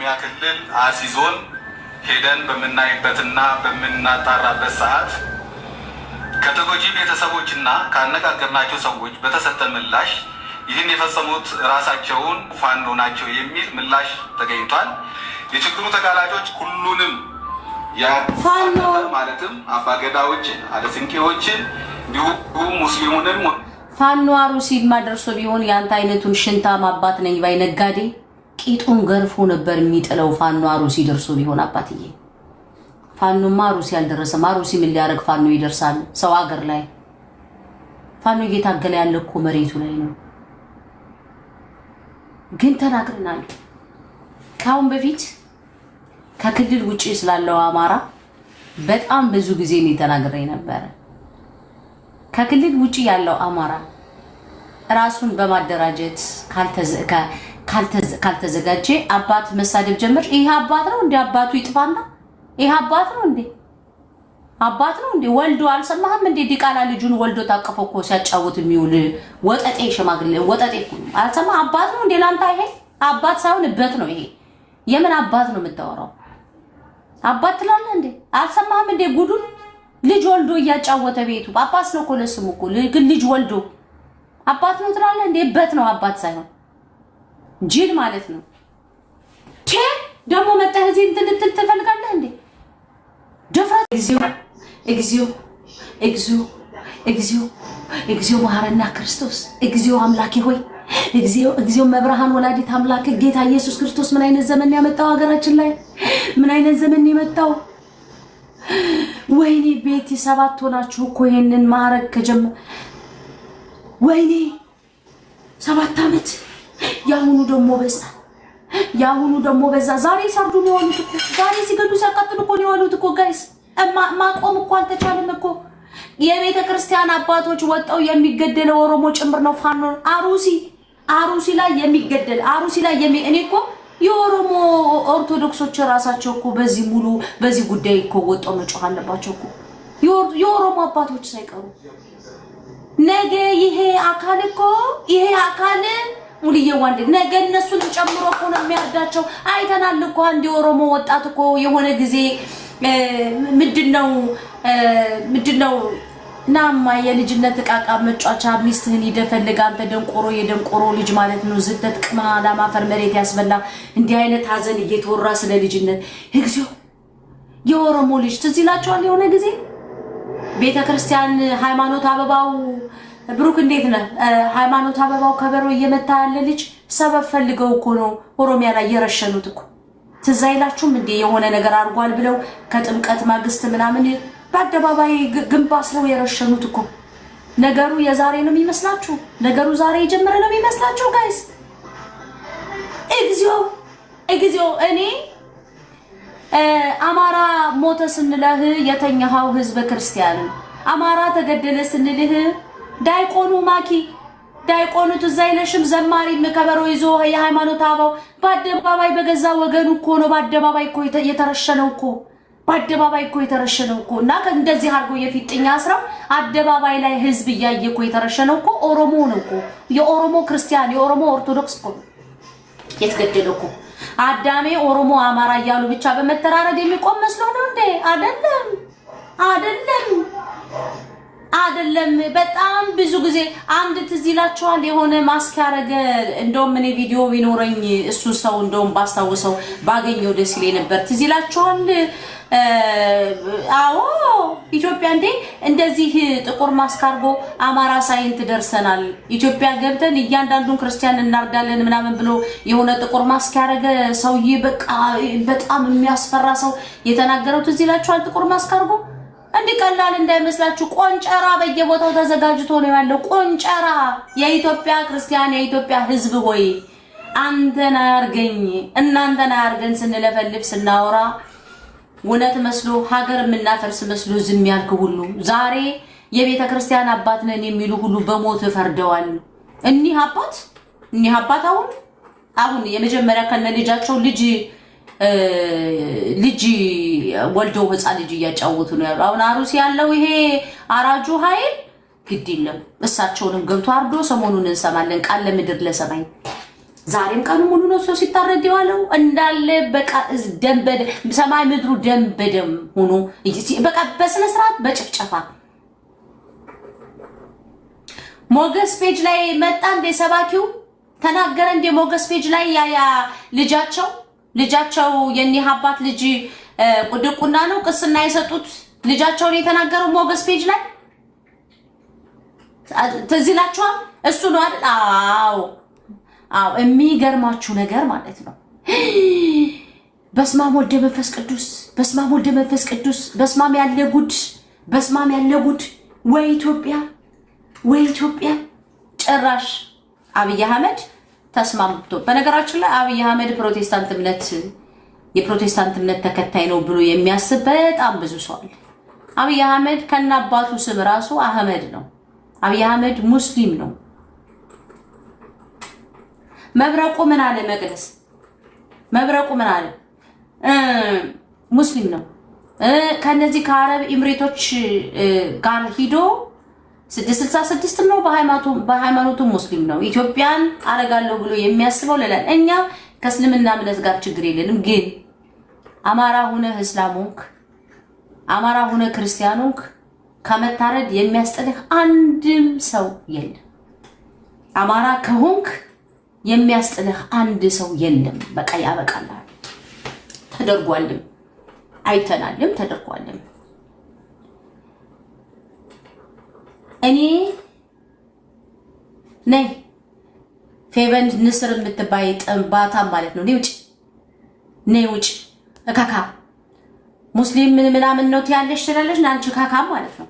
ኦሮሚያ ክልል አርሲ ዞን ሄደን በምናይበትና በምናጣራበት ሰዓት ከተጎጂ ቤተሰቦችና ካነጋገርናቸው ሰዎች በተሰጠ ምላሽ ይህን የፈጸሙት ራሳቸውን ፋኖ ናቸው የሚል ምላሽ ተገኝቷል። የችግሩ ተጋላጮች ሁሉንም ማለትም አባገዳዎችን፣ አለስንቄዎችን እንዲሁም ሙስሊሙንም ፋኖ አሩሲ ማደርሶ ቢሆን የአንተ አይነቱን ሽንታም አባት ነኝ ባይ ነጋዴ ቂጡን ገርፎ ነበር የሚጥለው ፋኖ አሩሲ ደርሶ ቢሆን አባትዬ። ፋኖማ አሩሲ አልደረሰም። አሩሲ ምን ሊያደርግ ፋኖ ይደርሳል? ሰው ሀገር ላይ ፋኖ እየታገለ ያለ እኮ መሬቱ ላይ ነው። ግን ተናግረናል። ከአሁን በፊት ከክልል ውጭ ስላለው አማራ በጣም ብዙ ጊዜ እኔ ተናግሬ ነበረ። ከክልል ውጭ ያለው አማራ ራሱን በማደራጀት ካልተዘጋጀ አባት መሳደብ ጀመር። ይሄ አባት ነው እንዴ? አባቱ ይጥፋና ይሄ አባት ነው እንዴ? አባት ነው እንዴ? ወልዶ አልሰማህም እንዴ? ዲቃላ ልጁን ወልዶ ታቀፈው እኮ ሲያጫውት የሚውል ወጠጤ ሽማግሌ ወጠጤ እኮ አልሰማ። አባት ነው እንዴ ላንተ? ይሄ አባት ሳይሆን እበት ነው ይሄ። የምን አባት ነው የምታወራው? አባት ትላለህ እንዴ? አልሰማህም እንዴ ጉዱን? ልጅ ወልዶ እያጫወተ ቤቱ አባት ነው እኮ ለስሙ እኮ ግን ልጅ ወልዶ አባት ነው ትላለህ እንዴ? እበት ነው አባት ሳይሆን ጅል ማለት ነው። ቼ ደግሞ መጠህ እዚህ እንትን ልትል ትፈልጋለህ እንዴ? ደፍረት እግዚኦ እግዚኦ እግዚኦ እግዚኦ እግዚኦ መሐረና ክርስቶስ እግዚኦ አምላኬ ሆይ እግዚኦ መብርሃን ወላዲት አምላክ ጌታ ኢየሱስ ክርስቶስ ምን አይነት ዘመን ያመጣው ሀገራችን ላይ ምን አይነት ዘመን የመጣው ወይኔ ቤት ሰባት ሆናችሁ እኮ ይሄንን ማረግ ከጀመ ወይኔ ሰባት አመት? የአሁኑ ደግሞ በዛ የአሁኑ ደግሞ በዛ። ዛሬ ሳርዱ ነው የዋሉት እኮ ዛሬ ሲገዱ ሲያቃጥሉ እኮ ነው የዋሉት እኮ ጋይስ። ማቆም እኮ አልተቻለም እኮ የቤተ ክርስቲያን አባቶች ወጣው የሚገደለው ኦሮሞ ጭምር ነው። ፋኖ አሩሲ አሩሲ ላይ የሚገደል አሩሲ ላይ የሚ እኔ እኮ የኦሮሞ ኦርቶዶክሶች ራሳቸው እኮ በዚህ ሙሉ በዚህ ጉዳይ እኮ ወጣው መጮህ አለባቸው እኮ የኦሮሞ አባቶች ሳይቀሩ ነገ ይሄ አካል እኮ ይሄ አካል ሙልዬ ዋንዴ ነገ እነሱን ጨምሮ እኮ ነው የሚያርዳቸው። አይተናል እኮ አንድ የኦሮሞ ወጣት እኮ የሆነ ጊዜ ምንድነው ምንድነው ናማ የልጅነት እቃቃ መጫወቻ ሚስትህን ይደፈልግ አንተ ደንቆሮ የደንቆሮ ልጅ ማለት ነው። ዝተት ቅማ ለማፈር መሬት ያስበላ እንዲህ አይነት ሀዘን እየተወራ ስለ ልጅነት እግዚኦ። የኦሮሞ ልጅ ትዝ ይላቸዋል የሆነ ጊዜ ቤተክርስቲያን ሃይማኖት አበባው ብሩክ እንዴት ነህ? ሃይማኖት አበባው ከበሮ እየመታ ያለ ልጅ ሰበብ ፈልገው እኮ ነው ኦሮሚያ ላይ የረሸኑት እኮ ትዝ አይላችሁም እንዴ? የሆነ ነገር አድርጓል ብለው ከጥምቀት ማግስት ምናምን በአደባባይ ግንብ አስረው የረሸኑት እኮ። ነገሩ የዛሬ ነው የሚመስላችሁ? ነገሩ ዛሬ የጀመረ ነው የሚመስላችሁ? ጋይስ እግዚኦ እግዚኦ! እኔ አማራ ሞተ ስንለህ የተኛኸው ህዝበ ክርስቲያን፣ አማራ ተገደለ ስንልህ ዳይቆኑ ማኪ ዳይቆኑ ትዝ ዘማሪ ዘማሪም ከበሮ ይዞ የሃይማኖት አበው በአደባባይ በገዛ ወገኑ እኮ ነው። በአደባባይ እኮ የተረሸነው እኮ በአደባባይ እኮ የተረሸነው እኮ እና እንደዚህ አድርጎ የፊጥኛ አስራው አደባባይ ላይ ህዝብ እያየ እኮ የተረሸነው እኮ ኦሮሞ ነው እኮ የኦሮሞ ክርስቲያን የኦሮሞ ኦርቶዶክስ እኮ የተገደለው እኮ አዳሜ ኦሮሞ አማራ እያሉ ብቻ በመተራረድ የሚቆም መስሎ ነው እንዴ? አይደለም አይደለም። አይደለም በጣም ብዙ ጊዜ አንድ ትዝ ይላችኋል፣ የሆነ ማስክ ያደረገ እንደውም እኔ ቪዲዮ ቢኖረኝ እሱ ሰው እንደውም ባስታውሰው ባገኘው ደስ ይለኝ ነበር። ትዝ ይላችኋል? አዎ ኢትዮጵያ እንዴ እንደዚህ ጥቁር ማስክ አድርጎ አማራ ሳይንት ደርሰናል፣ ኢትዮጵያ ገብተን እያንዳንዱን ክርስቲያን እናርዳለን ምናምን ብሎ የሆነ ጥቁር ማስክ ያደረገ ሰውዬ በቃ በጣም የሚያስፈራ ሰው የተናገረው ትዝ ይላችኋል? ጥቁር ማስክ አድርጎ እንዲህ ቀላል እንዳይመስላችሁ። ቆንጨራ በየቦታው ተዘጋጅቶ ነው ያለው። ቆንጨራ የኢትዮጵያ ክርስቲያን የኢትዮጵያ ሕዝብ ሆይ አንተን አያርገኝ እናንተን አያርገን ስንለፈልፍ ስናወራ እውነት መስሎ ሀገር የምናፈርስ መስሎ ዝም ያልክ ሁሉ ዛሬ የቤተ ክርስቲያን አባት ነን የሚሉ ሁሉ በሞት ፈርደዋል። እኒህ አባት እኒህ አባት አሁን አሁን የመጀመሪያ ከነ ልጃቸው ልጅ ልጅ ወልዶ ህፃን ልጅ እያጫወቱ ነው ያሉ። አሁን አሩሲ ያለው ይሄ አራጁ ኃይል ግድ የለም እሳቸውንም ገብቶ አርዶ ሰሞኑን እንሰማለን። ቃል ለምድር ለሰማይ ዛሬም ቀኑ ሙሉ ነው ሰው ሲታረድ የዋለው እንዳለ ሰማይ ምድሩ ደንበደም ሆኖ በቃ በስነስርዓት በጭፍጨፋ ሞገስ ፔጅ ላይ መጣ እንደ ሰባኪው ተናገረ እንደ ሞገስ ፔጅ ላይ ያያ ልጃቸው ልጃቸው የኒህ አባት ልጅ ቁድቁና ነው ቅስና የሰጡት ልጃቸውን የተናገረው ሞገስ ፔጅ ላይ ትዝ ይላችኋል። እሱ ነው አይደል? አዎ አዎ። የሚገርማችሁ ነገር ማለት ነው በስማም ወደ መንፈስ ቅዱስ፣ በስማም ወደ መንፈስ ቅዱስ፣ በስማም ያለ ጉድ፣ በስማም ያለ ጉድ። ወይ ኢትዮጵያ፣ ወይ ኢትዮጵያ! ጭራሽ አብይ አህመድ ተስማምቶ በነገራችን ላይ አብይ አህመድ ፕሮቴስታንት እምነት የፕሮቴስታንት እምነት ተከታይ ነው ብሎ የሚያስብ በጣም ብዙ ሰው አለ። አብይ አህመድ ከነ አባቱ ስም ራሱ አህመድ ነው። አብይ አህመድ ሙስሊም ነው። መብረቁ ምን አለ? መቅደስ መብረቁ ምን አለ? ሙስሊም ነው። ከነዚህ ከአረብ ኢምሬቶች ጋር ሂዶ 666 ነው። በሃይማኖቱ ሙስሊም ነው። ኢትዮጵያን አረጋለሁ ብሎ የሚያስበው ለላል እኛ ከእስልምና እምነት ጋር ችግር የለንም። ግን አማራ ሁነ እስላም ሆንክ፣ አማራ ሁነ ክርስቲያን ሆንክ ከመታረድ የሚያስጠልህ አንድም ሰው የለም። አማራ ከሆንክ የሚያስጥልህ አንድ ሰው የለም። በቃ ያበቃላል። ተደርጓልም አይተናልም፣ ተደርጓልም። እኔ ነይ ፌቨንድ ንስር የምትባይ ጥንባታ ማለት ነው። ውጭ ነይ ውጭ እካካ ሙስሊም ምን ምናምን ነው ትያለሽ ትላለሽ። ናንቺ ካካ ማለት ነው።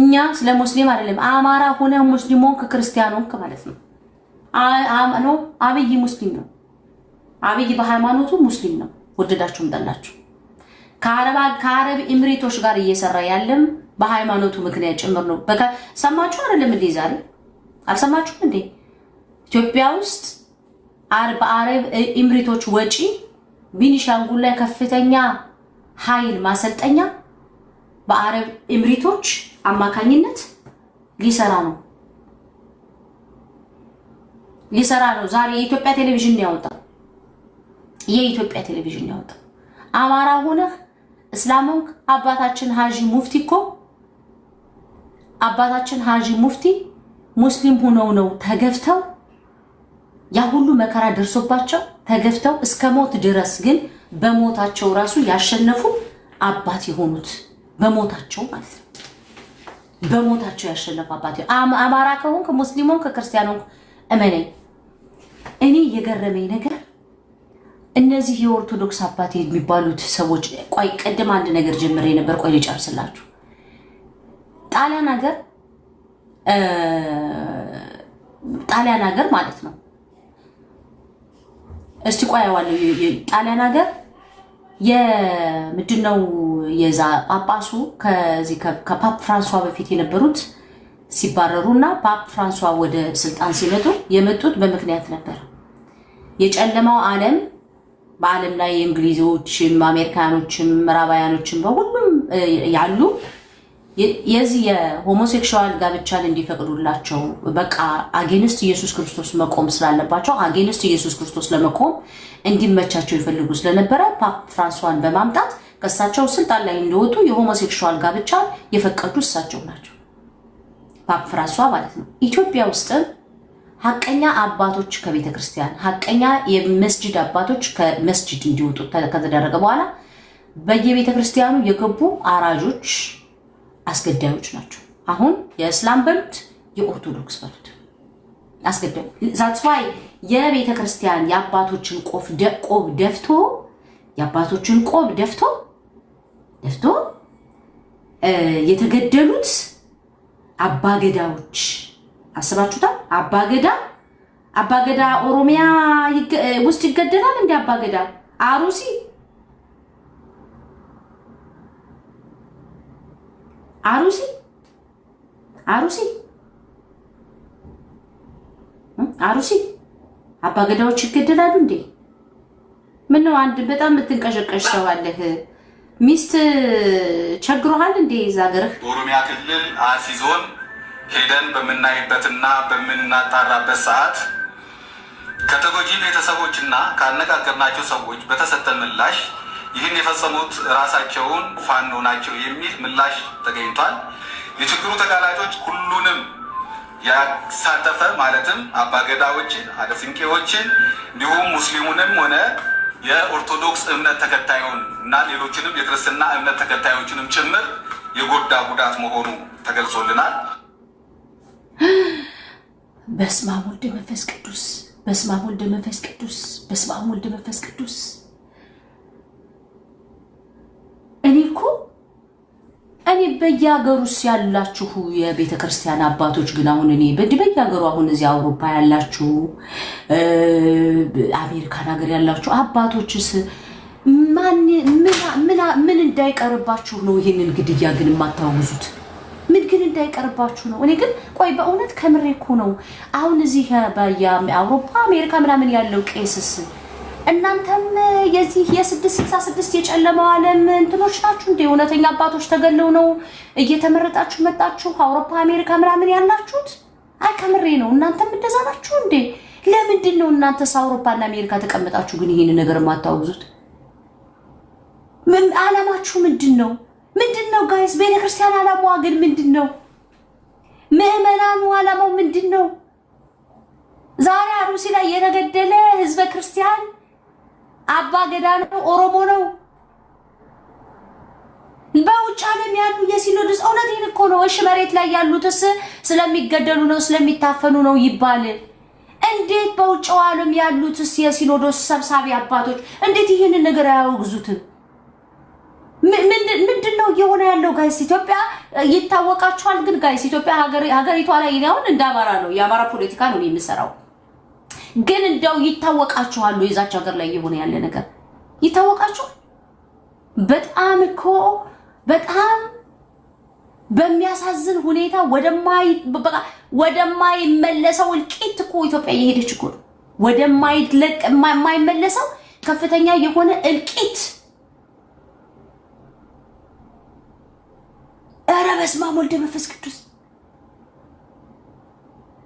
እኛ ስለ ሙስሊም አይደለም አማራ ሆነ ሙስሊም ሆንክ ክርስቲያን ሆንክ ማለት ነው። አብይ ሙስሊም ነው። አብይ በሃይማኖቱ ሙስሊም ነው። ወደዳችሁም ጠላችሁ ከአረብ ኤምሬቶች ጋር እየሰራ ያለም በሃይማኖቱ ምክንያት ጭምር ነው። ሰማችሁ አይደለም እንዴ? ዛሬ አልሰማችሁም እንዴ? ኢትዮጵያ ውስጥ በአረብ ኢምሪቶች ወጪ ቤኒሻንጉል ላይ ከፍተኛ ኃይል ማሰልጠኛ በአረብ ኢምሪቶች አማካኝነት ሊሰራ ነው ሊሰራ ነው። ዛሬ የኢትዮጵያ ቴሌቪዥን ያወጣው የኢትዮጵያ ቴሌቪዥን ያወጣው አማራ ሆነህ እስላሙን አባታችን ሀጂ ሙፍቲ እኮ አባታችን ሀጂ ሙፍቲ ሙስሊም ሆነው ነው ተገፍተው ያ ሁሉ መከራ ደርሶባቸው ተገፍተው እስከ ሞት ድረስ ግን በሞታቸው ራሱ ያሸነፉ አባት የሆኑት በሞታቸው ማለት ነው። በሞታቸው ያሸነፉ አባት አማራ ከሆንክ ሙስሊም ሆንክ እመነኝ። እኔ የገረመኝ ነገር እነዚህ የኦርቶዶክስ አባት የሚባሉት ሰዎች ቆይ ቅድም አንድ ነገር ጀምሬ ነበር። ቆይ ልጨርስላችሁ። ጣሊያን ሀገር ጣሊያን ሀገር ማለት ነው። እስቲ ቆይ ያዋለው ጣሊያን ሀገር የምንድን ነው የዛ ጳጳሱ ከዚህ ከፓፕ ፍራንሷ በፊት የነበሩት ሲባረሩ እና ፓፕ ፍራንሷ ወደ ስልጣን ሲመጡ የመጡት በምክንያት ነበር። የጨለማው ዓለም በዓለም ላይ እንግሊዞችም አሜሪካኖችም ምዕራባውያኖችም በሁሉም ያሉ የዚህ የሆሞሴክሽዋል ጋብቻን እንዲፈቅዱላቸው በቃ አጌንስት ኢየሱስ ክርስቶስ መቆም ስላለባቸው አጌንስት ኢየሱስ ክርስቶስ ለመቆም እንዲመቻቸው ይፈልጉ ስለነበረ ፓፕ ፍራንሷን በማምጣት ከእሳቸው ስልጣን ላይ እንዲወጡ የሆሞሴክሽዋል ጋብቻ የፈቀዱ እሳቸው ናቸው፣ ፓፕ ፍራንሷ ማለት ነው። ኢትዮጵያ ውስጥም ሀቀኛ አባቶች ከቤተ ክርስቲያን ሀቀኛ የመስጅድ አባቶች ከመስጅድ እንዲወጡ ከተደረገ በኋላ በየቤተ ክርስቲያኑ የገቡ አራጆች አስገዳዮች ናቸው። አሁን የእስላም በሉት የኦርቶዶክስ በሉት አስገዳዩ ዛትስፋይ የቤተ ክርስቲያን የአባቶችን ቆብ ደፍቶ የአባቶችን ቆብ ደፍቶ ደፍቶ የተገደሉት አባገዳዎች አስባችሁታል? አባገዳ አባገዳ ኦሮሚያ ውስጥ ይገደላል እንዴ አባገዳ አሩሲ አሩሲ አሩሲ አሩሲ አባገዳዎች ይገደላሉ እንዴ? ነው አንድ በጣም የምትንቀሸቀሽ ሰው አለህ? ሚስት ቸግሮሃል እንዴ? እዛ ሀገርህ ኦሮሚያ ክልል አርሲ ዞን ሄደን በምናይበትና በምናጣራበት ሰዓት ከተጎጂ ቤተሰቦችና ካነጋገርናቸው ሰዎች በተሰጠ ምላሽ ይህን የፈጸሙት ራሳቸውን ፋኖ ናቸው የሚል ምላሽ ተገኝቷል። የችግሩ ተጋላጮች ሁሉንም ያሳተፈ ማለትም አባገዳዎችን፣ አደስንቄዎችን እንዲሁም ሙስሊሙንም ሆነ የኦርቶዶክስ እምነት ተከታዩን እና ሌሎችንም የክርስትና እምነት ተከታዮችንም ጭምር የጎዳ ጉዳት መሆኑ ተገልጾልናል። በስመ አብ ወልድ መንፈስ ቅዱስ በስመ አብ ወልድ መንፈስ ቅዱስ በስመ አብ ወልድ መንፈስ ቅዱስ። እኔ እኮ እኔ በየሀገሩስ ያላችሁ የቤተ ክርስቲያን አባቶች ግን አሁን እኔ በድ በየሀገሩ አሁን እዚህ አውሮፓ ያላችሁ አሜሪካን ሀገር ያላችሁ አባቶችስ ምን እንዳይቀርባችሁ ነው ይህንን ግድያ ግን የማታወግዙት? ምን ግን እንዳይቀርባችሁ ነው። እኔ ግን ቆይ በእውነት ከምሬ እኮ ነው። አሁን እዚህ አውሮፓ አሜሪካ ምናምን ያለው ቄስስ እናንተም የዚህ የስድስት ስልሳ ስድስት የጨለማው ዓለም እንትኖች ናችሁ እንደ እውነተኛ አባቶች ተገለው ነው እየተመረጣችሁ መጣችሁ አውሮፓ አሜሪካ ምናምን ያላችሁት? አይ ከምሬ ነው። እናንተም እንደዛ ናችሁ እንዴ? ለምንድን ነው እናንተስ አውሮፓና አሜሪካ ተቀምጣችሁ ግን ይህን ነገር የማታወግዙት? አላማችሁ ምንድን ነው? ምንድን ነው ጋይስ? ቤተክርስቲያን አላማዋ ግን ምንድን ነው? ምዕመናኑ አላማው ምንድን ነው? ዛሬ አሩሲ ላይ የተገደለ ህዝበ ክርስቲያን አባ ገዳ ነው፣ ኦሮሞ ነው። በውጭ ዓለም ያሉ የሲኖዶስ እውነቴን እኮ ነው። እሺ መሬት ላይ ያሉትስ ስለሚገደሉ ነው ስለሚታፈኑ ነው ይባል። እንዴት በውጭው ዓለም ያሉትስ የሲኖዶስ ሰብሳቢ አባቶች እንዴት ይህንን ነገር አያወግዙትም? እየሆነ ያለው ጋይስ። ኢትዮጵያ ይታወቃችኋል። ግን ጋይስ ኢትዮጵያ ሀገሪቷ ላይ አሁን እንደ አማራ ነው የአማራ ፖለቲካ ነው የምሰራው። ግን እንደው ይታወቃችኋሉ። የዛች ሀገር ላይ እየሆነ ያለ ነገር ይታወቃችኋል። በጣም እኮ በጣም በሚያሳዝን ሁኔታ ወደማይመለሰው እልቂት እኮ ኢትዮጵያ እየሄደች እኮ ነው። ወደማይለቅ የማይመለሰው ከፍተኛ የሆነ እልቂት በስመ አብ ወልደ መንፈስ ቅዱስ፣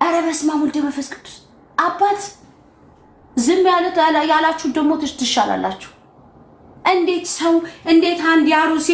ኧረ በስመ አብ ወልደ መንፈስ ቅዱስ። አባት ዝም ያለት ያላችሁ ደግሞ ትሻላላችሁ። እንዴት ሰው እንዴት አንድ ያሩሴ